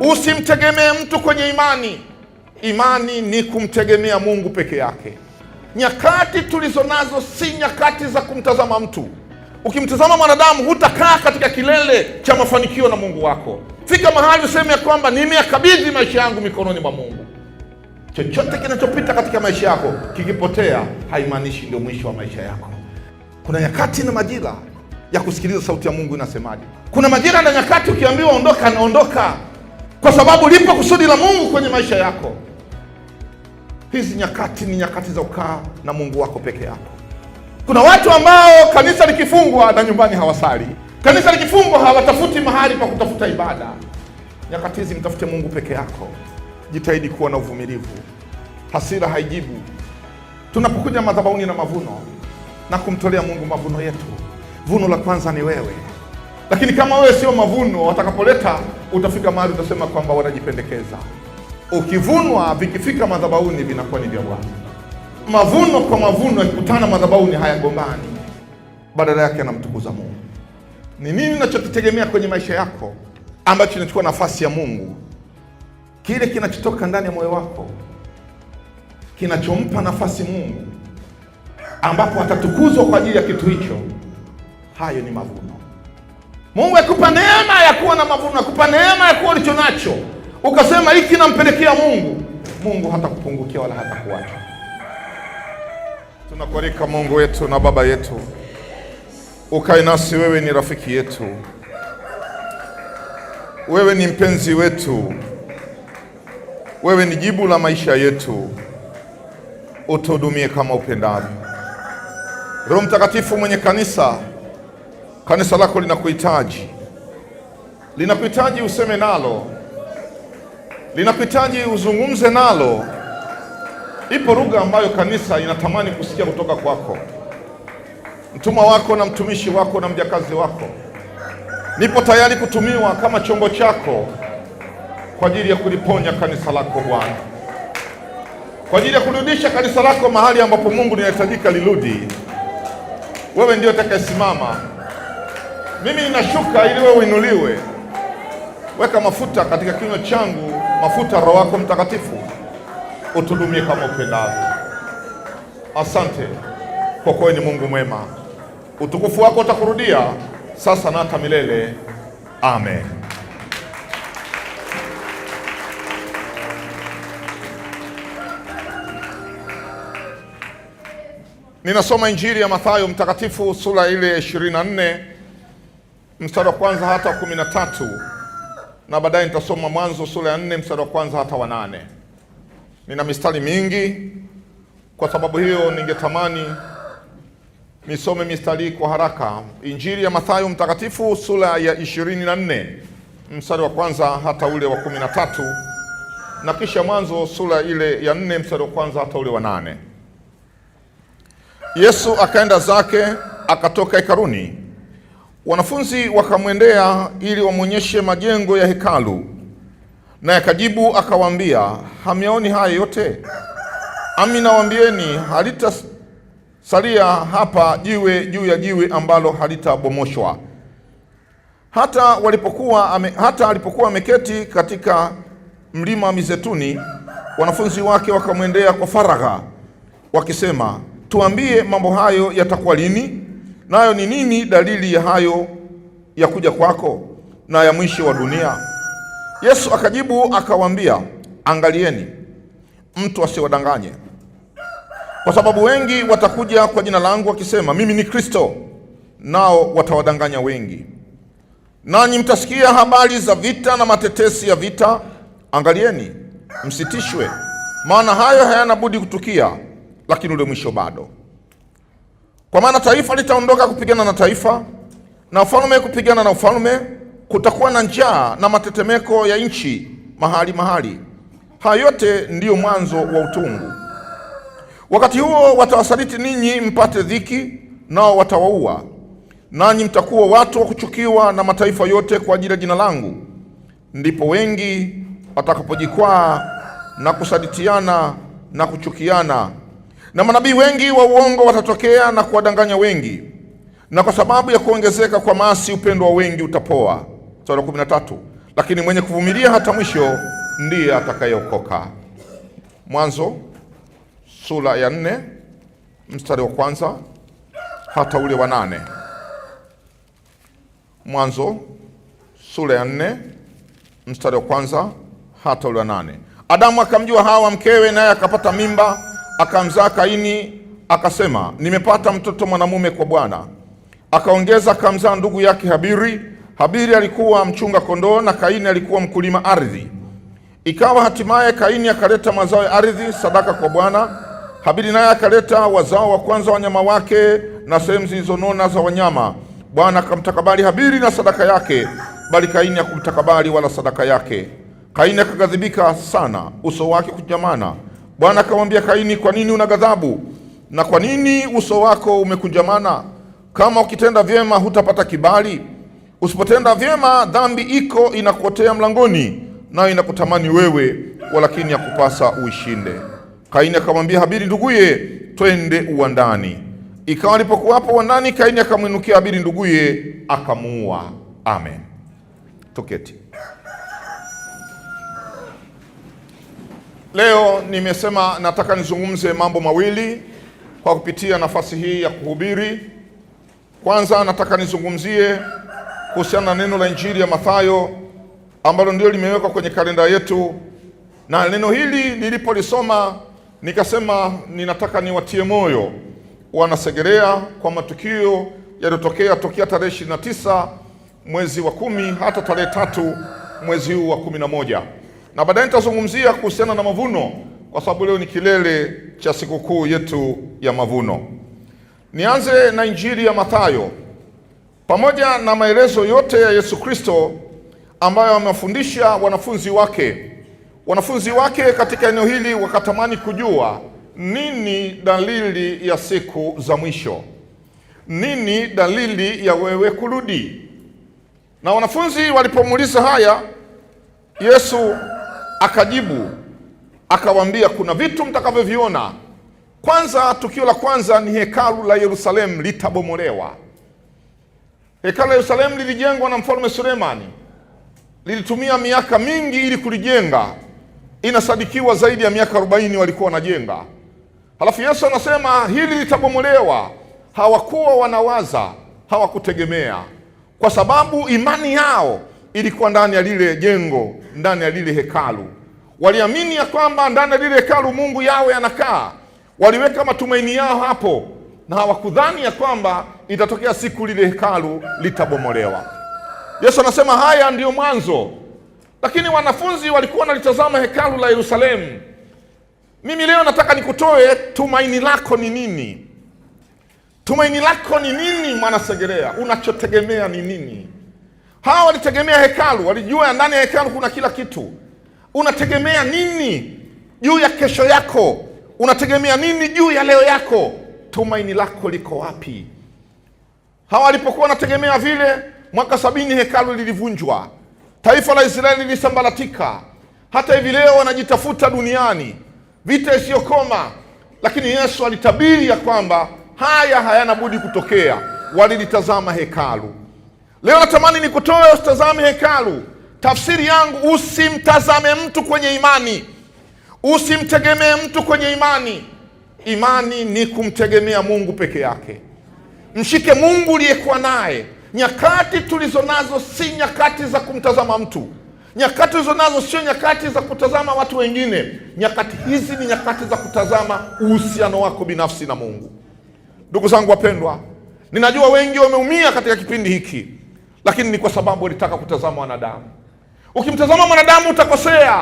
Usimtegemee mtu kwenye imani. Imani ni kumtegemea Mungu peke yake. Nyakati tulizo nazo si nyakati za kumtazama mtu. Ukimtazama mwanadamu, hutakaa katika kilele cha mafanikio na Mungu wako. Fika mahali useme ya kwamba nimeyakabidhi maisha yangu mikononi mwa Mungu. Chochote kinachopita katika maisha yako kikipotea, haimaanishi ndio mwisho wa maisha yako. Kuna nyakati na majira ya kusikiliza sauti ya Mungu inasemaje. Kuna majira na nyakati ukiambiwa ondoka, anaondoka kwa sababu lipo kusudi la Mungu kwenye maisha yako. Hizi nyakati ni nyakati za ukaa na Mungu wako peke yako. Kuna watu ambao kanisa likifungwa na nyumbani hawasali, kanisa likifungwa hawatafuti mahali pa kutafuta ibada. Nyakati hizi mtafute Mungu peke yako, jitahidi kuwa na uvumilivu. Hasira haijibu. Tunapokuja madhabahuni na mavuno na kumtolea Mungu mavuno yetu, vuno la kwanza ni wewe. Lakini kama wewe sio mavuno, watakapoleta utafika mahali utasema kwamba wanajipendekeza. Ukivunwa vikifika madhabahuni vinakuwa ni vya Bwana. Mavuno kwa mavuno yakikutana madhabahuni hayagombani, badala yake anamtukuza Mungu. Ni nini unachokitegemea kwenye maisha yako ambacho kinachukua nafasi ya Mungu? Kile kinachotoka ndani ya moyo wako kinachompa nafasi Mungu, ambapo atatukuzwa kwa ajili ya kitu hicho, hayo ni mavuno. Mungu akupa neema ya kuwa na mavuno, akupa neema ya kuwa ulicho nacho, ukasema hiki nampelekea Mungu, Mungu hatakupungukia wala hatakuacha. Tunakualika Mungu wetu na Baba yetu, ukae nasi. Wewe ni rafiki yetu, wewe ni mpenzi wetu, wewe ni jibu la maisha yetu. Utuhudumie kama upendavyo. Roho Mtakatifu mwenye kanisa Kanisa lako linakuhitaji, linakuhitaji useme nalo, linakuhitaji uzungumze nalo. Ipo lugha ambayo kanisa inatamani kusikia kutoka kwako, mtumwa wako na mtumishi wako na mjakazi wako. Nipo tayari kutumiwa kama chombo chako kwa ajili ya kuliponya kanisa lako Bwana, kwa ajili ya kurudisha kanisa lako mahali ambapo Mungu linahitajika lirudi. Wewe ndio utakayesimama mimi ninashuka ili wewe uinuliwe. Weka mafuta katika kinywa changu, mafuta Roho wako Mtakatifu, utudumie kama upendavyo. Asante kwa kuwa ni Mungu mwema, utukufu wako utakurudia sasa na hata milele. Amen. Ninasoma Injili ya Mathayo mtakatifu sura ile 24 mstari wa kwanza hata wa kumi na tatu na baadaye nitasoma Mwanzo sura ya nne mstari wa kwanza hata wa nane. Nina mistari mingi, kwa sababu hiyo ningetamani nisome mistari kwa haraka. Injili ya Mathayo mtakatifu sura ya ishirini na nne mstari wa kwanza hata ule wa kumi na tatu na kisha Mwanzo sura ile ya nne mstari wa kwanza hata ule wa nane. Yesu akaenda zake akatoka hekaluni Wanafunzi wakamwendea ili wamwonyeshe majengo ya hekalu, naye akajibu akawaambia, hamyaoni haya yote? Ami nawaambieni, halitasalia hapa jiwe juu ya jiwe ambalo halitabomoshwa. Hata walipokuwa ame, hata alipokuwa ameketi katika mlima wa Mizeituni, wanafunzi wake wakamwendea kwa faragha wakisema, tuambie, mambo hayo yatakuwa lini nayo ni nini dalili ya hayo ya kuja kwako na ya mwisho wa dunia? Yesu akajibu akawaambia, angalieni mtu asiwadanganye, kwa sababu wengi watakuja kwa jina langu wakisema mimi ni Kristo, nao watawadanganya wengi. Nanyi mtasikia habari za vita na matetesi ya vita. Angalieni msitishwe, maana hayo hayana budi kutukia, lakini ule mwisho bado. Kwa maana taifa litaondoka kupigana na taifa na ufalme kupigana na ufalme. Kutakuwa na njaa na matetemeko ya nchi mahali mahali. haya yote ndiyo mwanzo wa utungu. Wakati huo watawasaliti ninyi mpate dhiki, nao watawaua, nanyi mtakuwa watu wa kuchukiwa na mataifa yote kwa ajili ya jina langu. Ndipo wengi watakapojikwaa na kusalitiana na kuchukiana na manabii wengi wa uongo watatokea na kuwadanganya wengi, na kwa sababu ya kuongezeka kwa maasi upendo wa wengi utapoa. Sura 13. Lakini mwenye kuvumilia hata mwisho ndiye atakayeokoka. Mwanzo sura ya nne mstari wa kwanza hata ule wa nane. Mwanzo sura ya nne mstari wa kwanza hata ule wa nane. Adamu akamjua Hawa mkewe, naye akapata mimba akamzaa Kaini akasema, nimepata mtoto mwanamume kwa Bwana. Akaongeza akamzaa ndugu yake Habiri. Habiri alikuwa mchunga kondoo na Kaini alikuwa mkulima ardhi. Ikawa hatimaye Kaini akaleta mazao ya ardhi sadaka kwa Bwana. Habiri naye akaleta wazao wa kwanza wanyama wake na sehemu zilizonona za wanyama. Bwana akamtakabali Habiri na sadaka yake, bali Kaini hakumtakabali wala sadaka yake. Kaini akaghadhibika sana, uso wake kunyamana Bwana akamwambia Kaini, kwa nini una ghadhabu na kwa nini uso wako umekunjamana? Kama ukitenda vyema hutapata kibali, usipotenda vyema dhambi iko inakuotea mlangoni, nayo inakutamani wewe, walakini yakupasa uishinde. Kaini akamwambia Habiri nduguye, twende uwandani. Ikawa alipokuwapo uwandani, Kaini akamwinukia Habiri nduguye, akamuua. Amen. Tuketi. Leo nimesema nataka nizungumze mambo mawili kwa kupitia nafasi hii ya kuhubiri. Kwanza nataka nizungumzie kuhusiana na neno la Injili ya Mathayo ambalo ndio limewekwa kwenye kalenda yetu, na neno hili nilipolisoma nikasema ninataka niwatie moyo Wanasegerea kwa matukio yaliyotokea tokea tarehe 29 mwezi wa kumi hata tarehe tatu mwezi huu wa kumi na moja na baadaye nitazungumzia kuhusiana na mavuno, kwa sababu leo ni kilele cha sikukuu yetu ya mavuno. Nianze na injili ya Mathayo. Pamoja na maelezo yote ya Yesu Kristo ambayo amewafundisha wanafunzi wake, wanafunzi wake katika eneo hili wakatamani kujua nini dalili ya siku za mwisho, nini dalili ya wewe kurudi. Na wanafunzi walipomuuliza haya Yesu Akajibu akawaambia, kuna vitu mtakavyoviona. Kwanza, tukio la kwanza ni hekalu la Yerusalemu litabomolewa. Hekalu la Yerusalemu lilijengwa na mfalme Sulemani, lilitumia miaka mingi ili kulijenga, inasadikiwa zaidi ya miaka 40 walikuwa wanajenga. Halafu Yesu anasema hili litabomolewa. Hawakuwa wanawaza, hawakutegemea, kwa sababu imani yao ilikuwa ndani ya lile jengo, ndani ya lile hekalu. Waliamini ya kwamba ndani ya lile hekalu Mungu yawe anakaa, waliweka matumaini yao hapo, na hawakudhani ya kwamba itatokea siku lile hekalu litabomolewa. Yesu anasema haya ndiyo mwanzo, lakini wanafunzi walikuwa wanalitazama hekalu la Yerusalemu. Mimi leo nataka nikutoe, tumaini lako ni nini? Tumaini lako ni nini, Mwanasegerea? Unachotegemea ni nini? Hawa walitegemea hekalu, walijua ndani ya hekalu kuna kila kitu. Unategemea nini juu ya kesho yako? Unategemea nini juu ya leo yako? Tumaini lako liko wapi? Hawa walipokuwa wanategemea vile, mwaka sabini hekalu lilivunjwa, taifa la Israeli lilisambaratika. Hata hivi leo wanajitafuta duniani, vita isiyokoma. Lakini Yesu alitabiri ya kwamba haya hayana budi kutokea. Walilitazama hekalu. Leo natamani nikutoe usitazame hekalu. Tafsiri yangu, usimtazame mtu kwenye imani, usimtegemee mtu kwenye imani. Imani ni kumtegemea Mungu peke yake. Mshike Mungu uliyekuwa naye. Nyakati tulizo nazo si nyakati za kumtazama mtu. Nyakati tulizo nazo sio nyakati za kutazama watu wengine. Nyakati hizi ni nyakati za kutazama uhusiano wako binafsi na Mungu. Ndugu zangu wapendwa, ninajua wengi wameumia katika kipindi hiki lakini ni kwa sababu alitaka kutazama wanadamu Ukimtazama mwanadamu utakosea,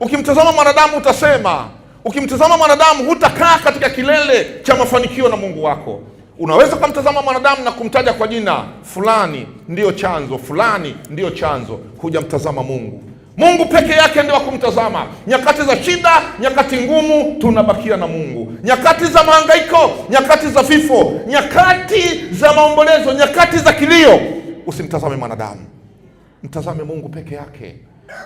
ukimtazama mwanadamu utasema, ukimtazama mwanadamu hutakaa katika kilele cha mafanikio na Mungu wako. Unaweza ukamtazama mwanadamu na kumtaja kwa jina fulani, ndiyo chanzo fulani, ndiyo chanzo. Hujamtazama Mungu. Mungu peke yake ndio wa kumtazama. Nyakati za shida, nyakati ngumu, tunabakia na Mungu. Nyakati za mahangaiko, nyakati za vifo, nyakati za maombolezo, nyakati za kilio usimtazame mwanadamu, mtazame Mungu peke yake.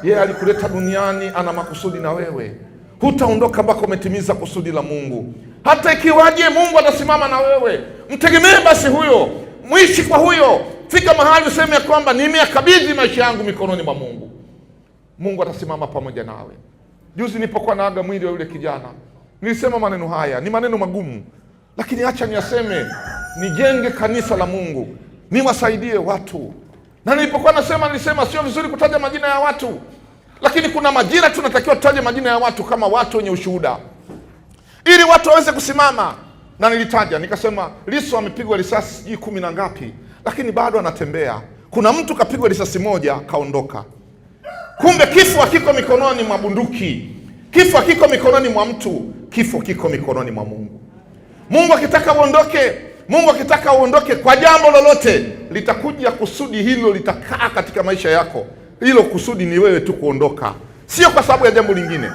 Yeye alikuleta duniani, ana makusudi na wewe. Hutaondoka mpaka umetimiza kusudi la Mungu. Hata ikiwaje, Mungu atasimama na wewe. Mtegemee basi huyo, mwishi kwa huyo. Fika mahali useme ya kwamba nimeyakabidhi maisha yangu mikononi mwa Mungu. Mungu atasimama pamoja nawe. Juzi nilipokuwa naaga mwili wa yule kijana, nilisema maneno haya, ni maneno magumu, lakini acha niyaseme, nijenge kanisa la Mungu niwasaidie watu. Na nilipokuwa nasema, nilisema sio vizuri kutaja majina ya watu, lakini kuna majira tunatakiwa tutaje majina ya watu kama watu wenye ushuhuda, ili watu waweze kusimama. Na nilitaja nikasema, Lissu amepigwa risasi sijui kumi na ngapi, lakini bado anatembea. Kuna mtu kapigwa risasi moja kaondoka. Kumbe kifo hakiko mikononi mwa bunduki, kifo hakiko mikononi mwa mtu, kifo kiko mikononi mwa Mungu. Mungu akitaka uondoke Mungu akitaka uondoke kwa jambo lolote, litakuja kusudi hilo, litakaa katika maisha yako. Hilo kusudi ni wewe tu kuondoka, sio kwa sababu ya jambo lingine.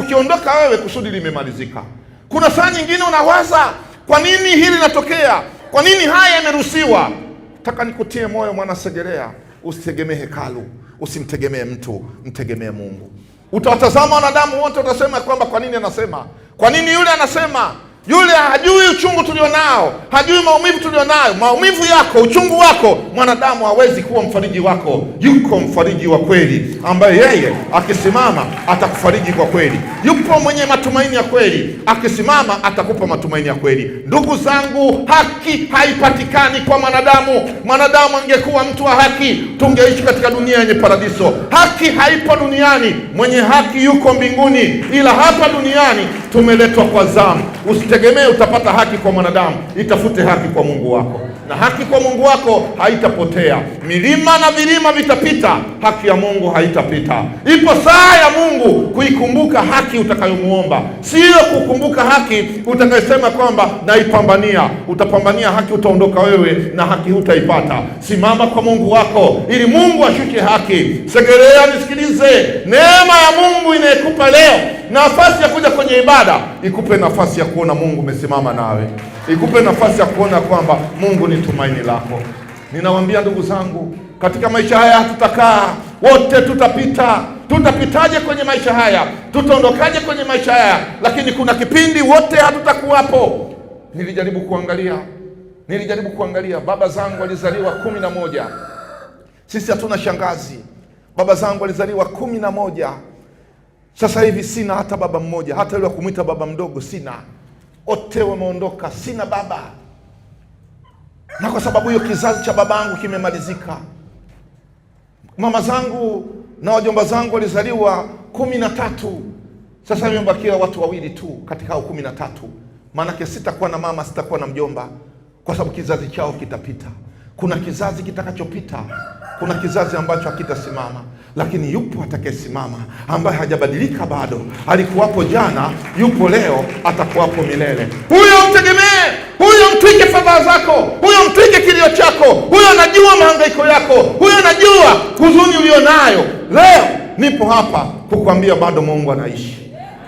Ukiondoka wewe, kusudi limemalizika. Kuna saa nyingine unawaza, kwa nini hili linatokea? Kwa nini haya yameruhusiwa? Nataka nikutie moyo mwana Segerea, usitegemee hekalu, usimtegemee mtu, mtegemee Mungu. Utawatazama wanadamu wote, utasema kwamba kwa nini anasema, kwa nini yule anasema yule hajui uchungu tulionao, hajui maumivu tulionayo. Maumivu yako, uchungu wako, mwanadamu hawezi kuwa mfariji wako. Yuko mfariji wa kweli, ambaye yeye akisimama atakufariji kwa kweli. Yupo mwenye matumaini ya kweli, akisimama atakupa matumaini ya kweli. Ndugu zangu, haki haipatikani kwa mwanadamu. Mwanadamu angekuwa mtu wa haki, tungeishi katika dunia yenye paradiso. Haki haipo duniani, mwenye haki yuko mbinguni, ila hapa duniani tumeletwa kwa zamu usitegemee utapata haki kwa mwanadamu, itafute haki kwa Mungu wako, na haki kwa Mungu wako haitapotea. Milima na vilima vitapita, haki ya Mungu haitapita. Ipo saa ya Mungu kuikumbuka haki utakayomuomba, siyo kukumbuka haki utakayosema kwamba naipambania. Utapambania haki, utaondoka wewe na haki hutaipata. Simama kwa Mungu wako ili Mungu ashuke haki. Segerea, nisikilize neema ya Mungu inayekupa leo nafasi ya kuja kwenye ibada ikupe nafasi ya kuona Mungu umesimama nawe, ikupe nafasi ya kuona kwamba Mungu ni tumaini lako. Ninawaambia ndugu zangu, katika maisha haya hatutakaa wote, tutapita. Tutapitaje kwenye maisha haya? Tutaondokaje kwenye maisha haya? Lakini kuna kipindi wote hatutakuwapo. Nilijaribu kuangalia, nilijaribu kuangalia, baba zangu walizaliwa kumi na moja. Sisi hatuna shangazi. Baba zangu walizaliwa kumi na moja. Sasa hivi sina hata baba mmoja, hata yule kumwita baba mdogo sina, wote wameondoka, sina baba. Na kwa sababu hiyo kizazi cha babangu kimemalizika. Mama zangu na wajomba zangu walizaliwa kumi na tatu, sasa imebakia watu wawili tu katika hao kumi na tatu. Maanake sitakuwa na mama, sitakuwa na mjomba, kwa sababu kizazi chao kitapita. Kuna kizazi kitakachopita kuna kizazi ambacho hakitasimama, lakini yupo atakayesimama ambaye hajabadilika bado. Alikuwapo jana, yupo leo, atakuwapo milele. Huyo mtegemee, huyo mtwike fadhaa zako, huyo mtwike kilio chako, huyo anajua mahangaiko yako, huyo anajua huzuni nayo leo. Nipo hapa kukuambia bado Mungu anaishi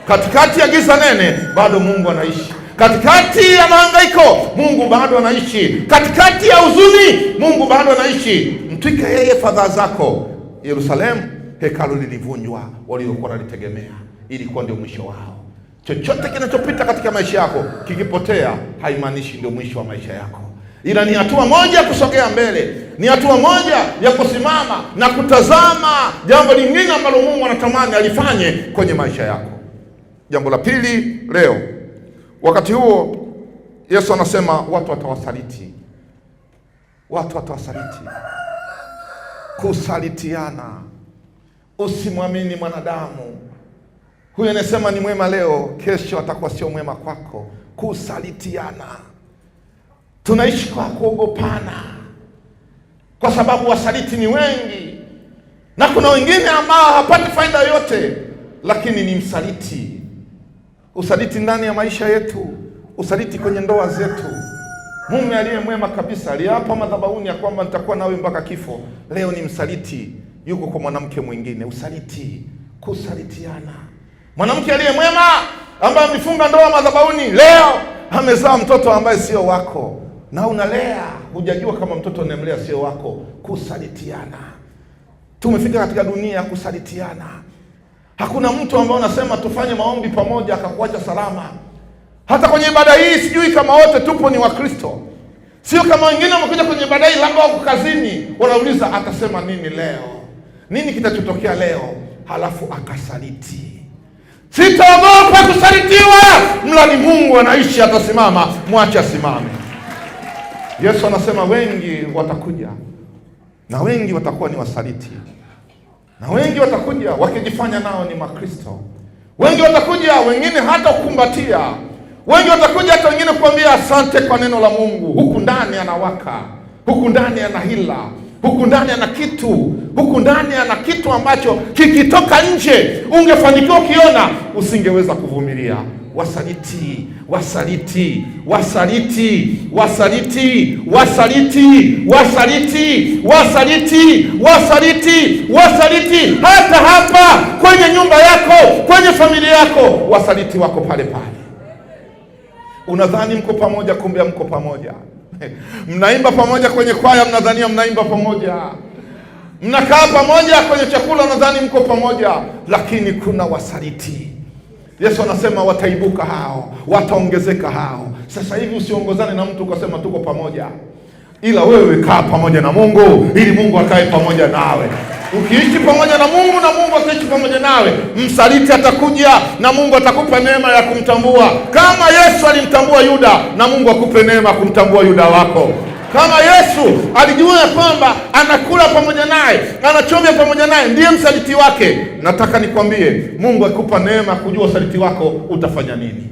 katikati ya giza nene, bado Mungu anaishi katikati ya mahangaiko Mungu bado anaishi. Katikati ya huzuni Mungu bado anaishi mtwike yeye fadhaa zako. Yerusalemu hekalu lilivunjwa waliokuwa wanalitegemea, ilikuwa ndio mwisho wao. Chochote kinachopita katika maisha yako kikipotea, haimaanishi ndio mwisho wa maisha yako, ila ni hatua moja ya kusogea mbele, ni hatua moja ya kusimama na kutazama jambo lingine ambalo Mungu anatamani alifanye kwenye maisha yako. Jambo la pili leo, wakati huo Yesu anasema watu watawasaliti, watu watawasaliti kusalitiana. Usimwamini mwanadamu huyu, anasema ni mwema leo, kesho atakuwa sio mwema kwako. Kusalitiana, tunaishi kwa kuogopana, kwa sababu wasaliti ni wengi, na kuna wengine ambao hapati faida yoyote, lakini ni msaliti. Usaliti ndani ya maisha yetu, usaliti kwenye ndoa zetu Mume aliye mwema kabisa aliapa madhabahuni ya kwamba nitakuwa nawe mpaka kifo, leo ni msaliti, yuko kwa mwanamke mwingine. Usaliti, kusalitiana. Mwanamke aliye mwema ambaye amefunga ndoa madhabahuni, leo amezaa mtoto ambaye sio wako, na unalea hujajua kama mtoto unayemlea sio wako. Kusalitiana, tumefika katika dunia ya kusalitiana. Hakuna mtu ambaye unasema tufanye maombi pamoja akakuacha salama. Hata kwenye ibada hii sijui kama wote tupo ni Wakristo, sio kama wengine wamekuja kwenye ibada hii labda wako kazini, wanauliza atasema nini leo, nini kitachotokea leo, halafu akasaliti. Sitaogopa kusalitiwa, mradi Mungu anaishi, atasimama, mwache asimame. Yesu anasema wengi watakuja na wengi watakuwa ni wasaliti, na wengi watakuja wakijifanya nao ni Makristo, wengi watakuja, wengine hata kukumbatia Wengi watakuja hata wengine kuambia asante kwa neno la Mungu. Huku ndani anawaka, huku ndani ana hila, huku ndani ana kitu, huku ndani ana kitu ambacho kikitoka nje ungefanikiwa ukiona, usingeweza kuvumilia. Wasaliti, wasaliti, wasaliti, wasaliti, wasaliti, wasaliti, wasaliti, wasaliti, wasaliti, hata hapa kwenye nyumba yako, kwenye familia yako, wasaliti wako pale pale. Unadhani mko pamoja, kumbe mko pamoja. Mnaimba pamoja kwenye kwaya, mnadhania mnaimba pamoja. Mnakaa pamoja kwenye chakula, unadhani mko pamoja, lakini kuna wasaliti. Yesu anasema wataibuka hao, wataongezeka hao. Sasa hivi usiongozane na mtu ukasema tuko pamoja ila wewe kaa pamoja na Mungu ili Mungu akae pamoja nawe. Ukiishi pamoja na Mungu na Mungu akiishi pamoja nawe, msaliti atakuja na Mungu atakupa neema ya kumtambua, kama Yesu alimtambua Yuda na Mungu akupe neema kumtambua Yuda wako kama Yesu alijua ya kwamba anakula pamoja naye, anachovya pamoja naye, ndiye msaliti wake. Nataka nikwambie, Mungu akikupa neema kujua usaliti wako utafanya nini?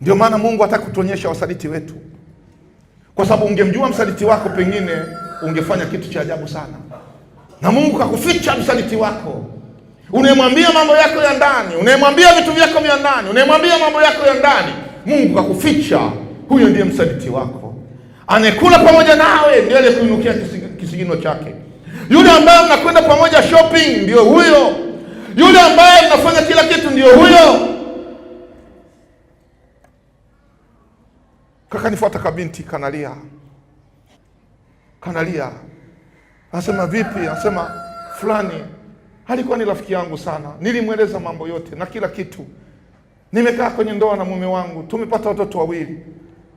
Ndio maana Mungu hataki kutuonyesha wasaliti wetu kwa sababu ungemjua msaliti wako, pengine ungefanya kitu cha ajabu sana, na Mungu kakuficha msaliti wako unayemwambia mambo yako ya ndani, unayemwambia vitu vyako vya ndani, unayemwambia mambo yako ya ndani, Mungu kakuficha. Huyo ndiye msaliti wako, anayekula pamoja nawe ndiye aliyekuinukia kisigino chake. Yule ambaye mnakwenda pamoja shopping, ndio huyo. Yule ambaye mnafanya kila kitu, ndio huyo. Kaka nifuata kabinti kanalia, kanalia, anasema vipi? Anasema fulani alikuwa ni rafiki yangu sana, nilimweleza mambo yote na kila kitu. Nimekaa kwenye ndoa na mume wangu, tumepata watoto wawili,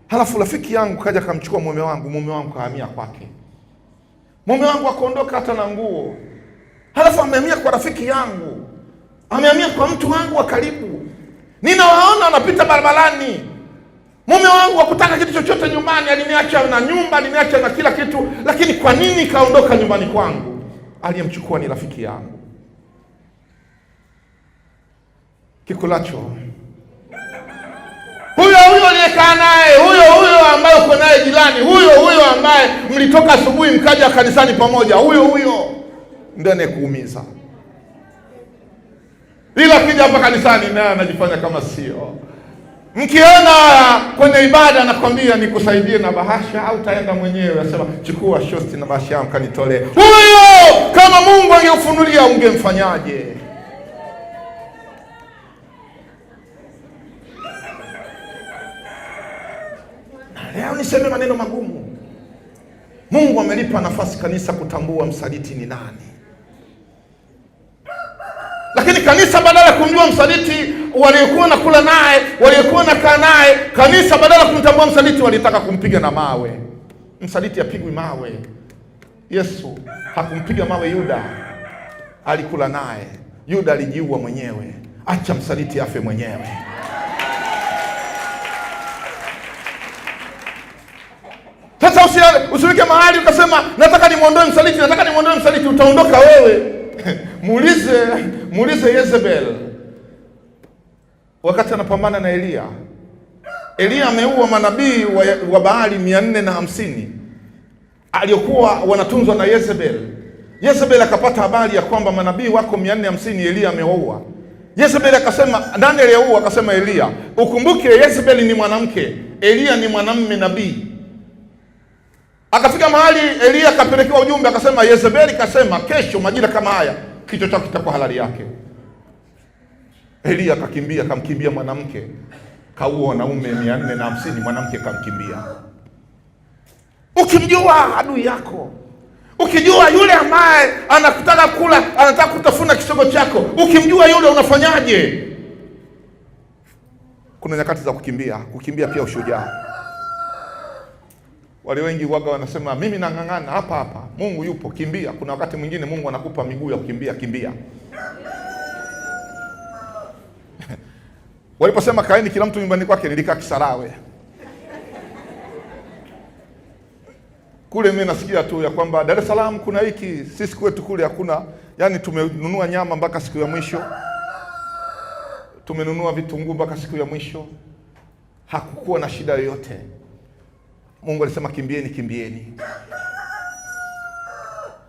halafu rafiki yangu kaja kamchukua mume wangu, mume wangu kahamia kwake, mume wangu akaondoka hata na nguo, halafu amehamia kwa rafiki yangu, amehamia kwa mtu wangu wa karibu, ninawaona anapita barabarani Mume wangu hakutaka kitu chochote nyumbani, aliniacha na nyumba, aliniacha na kila kitu. Lakini kwa nini kaondoka nyumbani kwangu? Aliyemchukua ni rafiki yangu. Kikulacho huyo huyo aliyekaa naye, huyo huyo ambaye uko naye jirani, huyo huyo ambaye mlitoka asubuhi mkaja kanisani pamoja, huyo huyo ndio anayekuumiza, ila akija hapa kanisani naye anajifanya kama sio Mkiona kwenye ibada nakwambia nikusaidie na bahasha au taenda mwenyewe, asema chukua shosti na bahasha yao, kanitolee. Huyo kama Mungu angeufunulia ungemfanyaje? Na leo niseme maneno magumu. Mungu amelipa nafasi kanisa kutambua msaliti ni nani, lakini kanisa badala ya kumjua msaliti waliokuwa na kula naye, waliokuwa na kaa naye, kanisa badala kumtambua msaliti walitaka kumpiga na mawe. Msaliti apigwi mawe. Yesu hakumpiga mawe Yuda, alikula naye. Yuda alijiua mwenyewe. Acha msaliti afe mwenyewe. Sasa usiweke mahali ukasema, nataka nimwondoe msaliti, nataka nimwondoe msaliti. Utaondoka wewe muulize, muulize Yezebel wakati anapambana na Eliya. Eliya ameua manabii wa, wa Baali mia nne na hamsini aliokuwa wanatunzwa na Yezebel. Yezebel akapata habari ya kwamba manabii wako mia nne hamsini Eliya amewaua. Yezebel akasema, nani aliyeua? Akasema Eliya. Ukumbuke Yezebel ni mwanamke, Eliya ni mwanamume nabii. Akafika mahali Eliya akapelekewa ujumbe, akasema Yezebeli kasema, kesho majira kama haya kichwa chako kitakuwa halali yake. Elia akakimbia, kamkimbia mwanamke, kaua wanaume mia nne na hamsini, mwanamke kamkimbia. Ukimjua adui yako, ukijua yule ambaye anakutaka kula, anataka kutafuna kisogo chako, ukimjua yule unafanyaje? Kuna nyakati za kukimbia. Kukimbia pia ushujaa. Wale wengi waga wanasema mimi nang'ang'ana hapa hapa, Mungu yupo, kimbia. Kuna wakati mwingine Mungu anakupa miguu ya kukimbia, kimbia. Waliposema kaeni kila mtu nyumbani kwake, nilikaa Kisarawe kule. Mimi nasikia tu ya kwamba Dar es Salaam kuna hiki, sisi kwetu kule hakuna. Yani tumenunua nyama mpaka siku ya mwisho, tumenunua vitunguu mpaka siku ya mwisho, hakukuwa na shida yoyote. Mungu alisema kimbieni, kimbieni.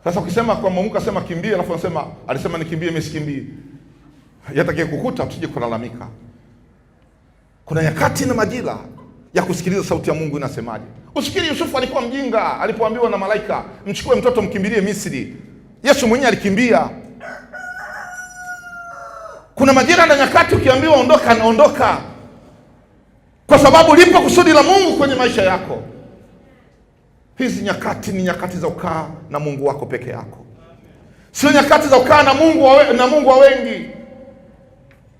Sasa ukisema kwa Mungu asema kimbie, alafu anasema alisema nikimbie, mimi sikimbii, yatakaye kukuta tusije kulalamika. Kuna nyakati na majira ya kusikiliza sauti ya Mungu inasemaje. Usikiri Yusufu alikuwa mjinga alipoambiwa na malaika, mchukue mtoto mkimbilie Misri. Yesu mwenyewe alikimbia. Kuna majira na nyakati ukiambiwa ondoka, naondoka, kwa sababu lipo kusudi la Mungu kwenye maisha yako. Hizi nyakati ni nyakati za ukaa na Mungu wako peke yako, sio nyakati za ukaa na Mungu wa, na Mungu wa wengi.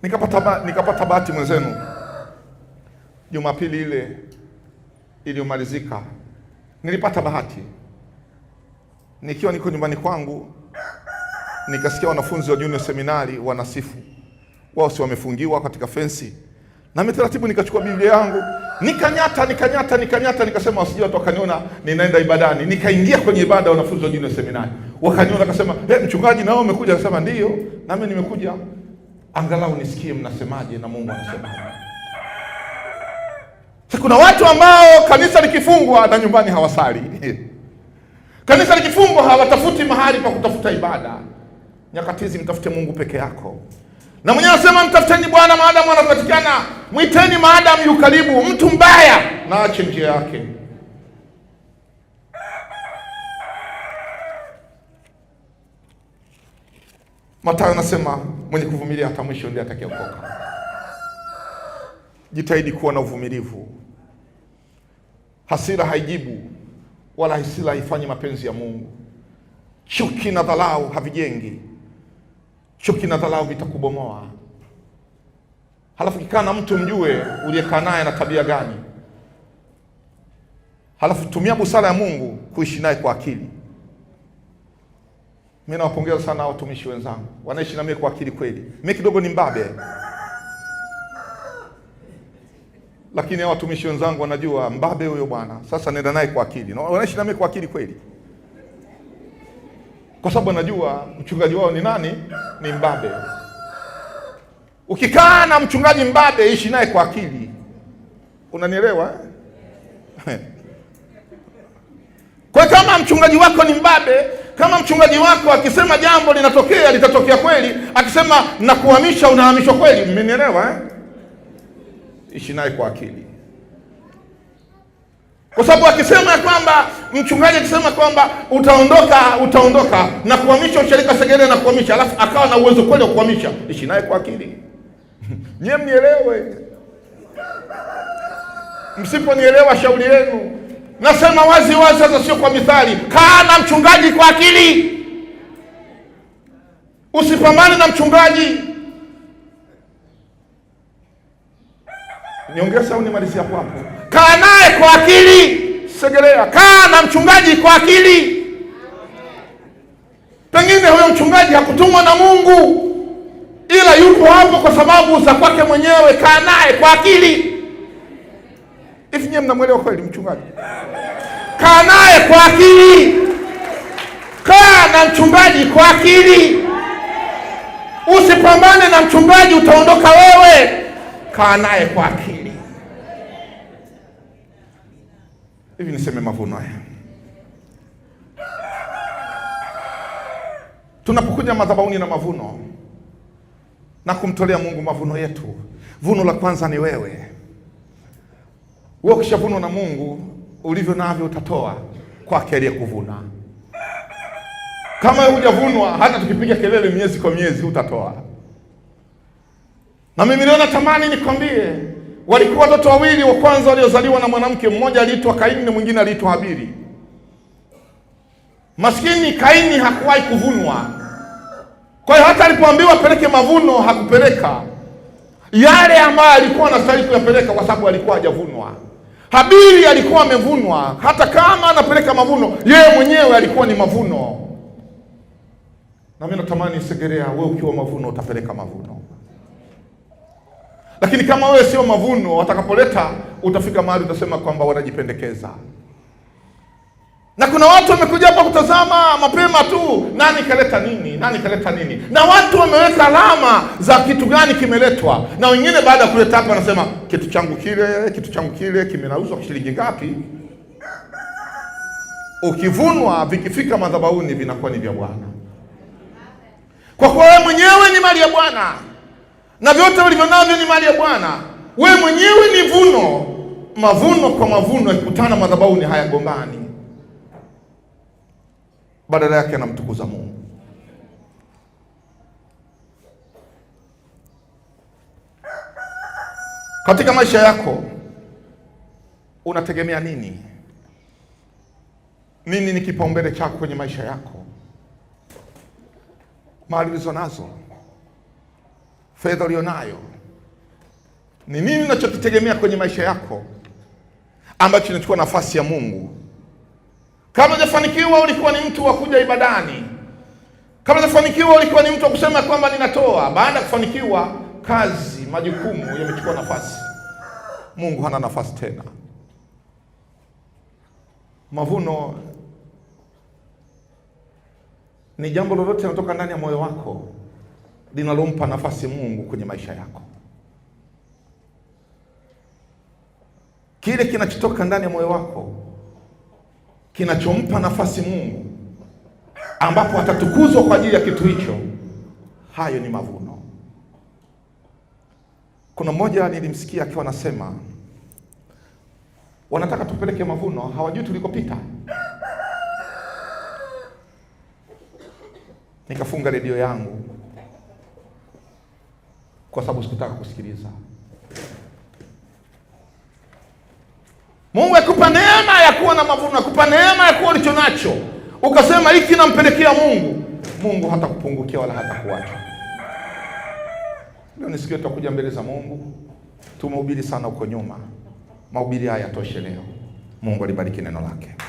Nikapata, nikapata bahati mwenzenu Jumapili ile iliyomalizika nilipata bahati nikiwa niko nyumbani kwangu, nikasikia wanafunzi wa junior seminari wanasifu wao, si wamefungiwa katika fensi, nami taratibu nikachukua Biblia yangu nikanyata nikanyata nikanyata, nikasema wasije watu wakaniona ninaenda ibadani. Nikaingia kwenye ibada, wanafunzi wa junior seminari wakaniona, akasema hey, eh, mchungaji, nao umekuja? Akasema ndiyo, nami nimekuja angalau nisikie mnasemaje na Mungu anasemaje. Kuna watu ambao kanisa likifungwa na nyumbani hawasali kanisa likifungwa hawatafuti mahali pa kutafuta ibada. Nyakati hizi mtafute Mungu peke yako, na mwenyewe anasema mtafuteni Bwana maadamu anapatikana, mwiteni maadamu yu karibu. Mtu mbaya na ache njia yake. Mathayo anasema mwenye kuvumilia hata mwisho ndiye atakayeokoka jitahidi kuwa na uvumilivu. Hasira haijibu wala hasira haifanyi mapenzi ya Mungu. Chuki na dhalau havijengi, chuki na dhalau vitakubomoa. Halafu kikaa na mtu mjue uliyekaa naye na tabia gani, halafu tumia busara ya Mungu kuishi naye kwa akili. Mi nawapongeza sana watumishi wenzangu wanaishi na mie kwa akili kweli. Mimi kidogo ni mbabe lakini hao watumishi wenzangu wanajua mbabe huyo bwana, sasa nenda naye kwa akili. Na wanaishi na mimi kwa akili kweli, kwa sababu anajua mchungaji wao ni nani, ni mbabe. Ukikaa na mchungaji mbabe, ishi naye kwa akili, unanielewa eh? Kwa kama mchungaji wako ni mbabe, kama mchungaji wako akisema jambo linatokea litatokea kweli, akisema nakuhamisha unahamishwa kweli, mmenielewa eh? ishi naye kwa akili, kwa sababu akisema kwamba mchungaji akisema kwamba utaondoka utaondoka na kuhamisha ushirika Segere na kuhamisha, alafu akawa na uwezo kweli wa kuhamisha, ishi naye kwa akili. Nyie mnielewe, msiponielewa shauri yenu. Nasema wazi wazi, sasa sio kwa mithali. Kaa na mchungaji kwa akili, usipambane na mchungaji niongee au hapo hapo? Kaa naye kwa akili, Segelea. Kaa na mchungaji kwa akili. Pengine huyo mchungaji hakutumwa na Mungu, ila yuko hapo kwa sababu za kwake mwenyewe. Kaa naye kwa akili. Hivi nyie mnamwelewa kweli mchungaji? Kaa naye kwa akili. Kaa na mchungaji kwa akili. Usipambane na mchungaji, utaondoka wewe. Kaa naye kwa akili. hivi niseme mavuno haya. Tunapokuja madhabahuni na mavuno na kumtolea Mungu mavuno yetu, vuno la kwanza ni wewe. Wewe ukishavunwa na Mungu, ulivyo navyo utatoa kwake aliyekuvuna. Kama hujavunwa, hata tukipiga kelele miezi kwa miezi, utatoa. Na mimi niliona tamani nikwambie walikuwa watoto wawili wa kwanza waliozaliwa na mwanamke, mmoja aliitwa Kaini na mwingine aliitwa Habili. Maskini Kaini hakuwahi kuvunwa, kwa hiyo hata alipoambiwa apeleke mavuno hakupeleka yale ambayo alikuwa anastahili kuyapeleka, kwa sababu alikuwa hajavunwa. Habili alikuwa amevunwa, hata kama anapeleka mavuno, yeye mwenyewe alikuwa ni mavuno. Na mimi natamani Segerea, wewe ukiwa mavuno utapeleka mavuno. Lakini kama wewe sio mavuno watakapoleta, utafika mahali utasema kwamba wanajipendekeza. Na kuna watu wamekuja hapa kutazama mapema tu, nani kaleta nini, nani kaleta nini, na watu wameweka alama za kitu gani kimeletwa, na wengine baada ya kuleta hapa wanasema kitu changu kile, kitu changu kile kimenauzwa kwa shilingi ngapi? Ukivunwa vikifika madhabahuni vinakuwa ni vya Bwana, kwa kuwa wewe mwenyewe ni mali ya Bwana na vyote ulivyo navyo ni mali ya Bwana, we mwenyewe ni vuno. Mavuno kwa mavuno yakikutana madhabahuni hayagombani, badala yake anamtukuza Mungu. Katika maisha yako unategemea nini? Nini ni kipaumbele chako kwenye maisha yako? Mali ulizo nazo fedha ulionayo ni nini? Unachokitegemea kwenye maisha yako ambacho kinachukua nafasi ya Mungu? Kama hujafanikiwa ulikuwa ni mtu wa kuja ibadani, kama hujafanikiwa ulikuwa ni mtu wa kusema kwamba ninatoa. Baada ya kufanikiwa, kazi, majukumu yamechukua nafasi. Mungu hana nafasi tena. Mavuno ni jambo lolote linatoka ndani ya moyo wako linalompa nafasi Mungu kwenye maisha yako, kile kinachotoka ndani ya moyo wako kinachompa nafasi Mungu, ambapo atatukuzwa kwa ajili ya kitu hicho. Hayo ni mavuno. Kuna mmoja nilimsikia akiwa anasema wanataka tupeleke mavuno, hawajui tulikopita. Nikafunga redio yangu kwa sababu sikutaka kusikiliza. Mungu akupa neema ya kuwa na mavuno, akupa neema ya kuwa ulicho nacho, ukasema hiki nampelekea Mungu. Mungu hatakupungukia wala hatakuacha. Leo nisikie, tutakuja mbele za Mungu. Tumehubiri sana huko nyuma, mahubiri haya yatoshe leo. Mungu alibariki neno lake.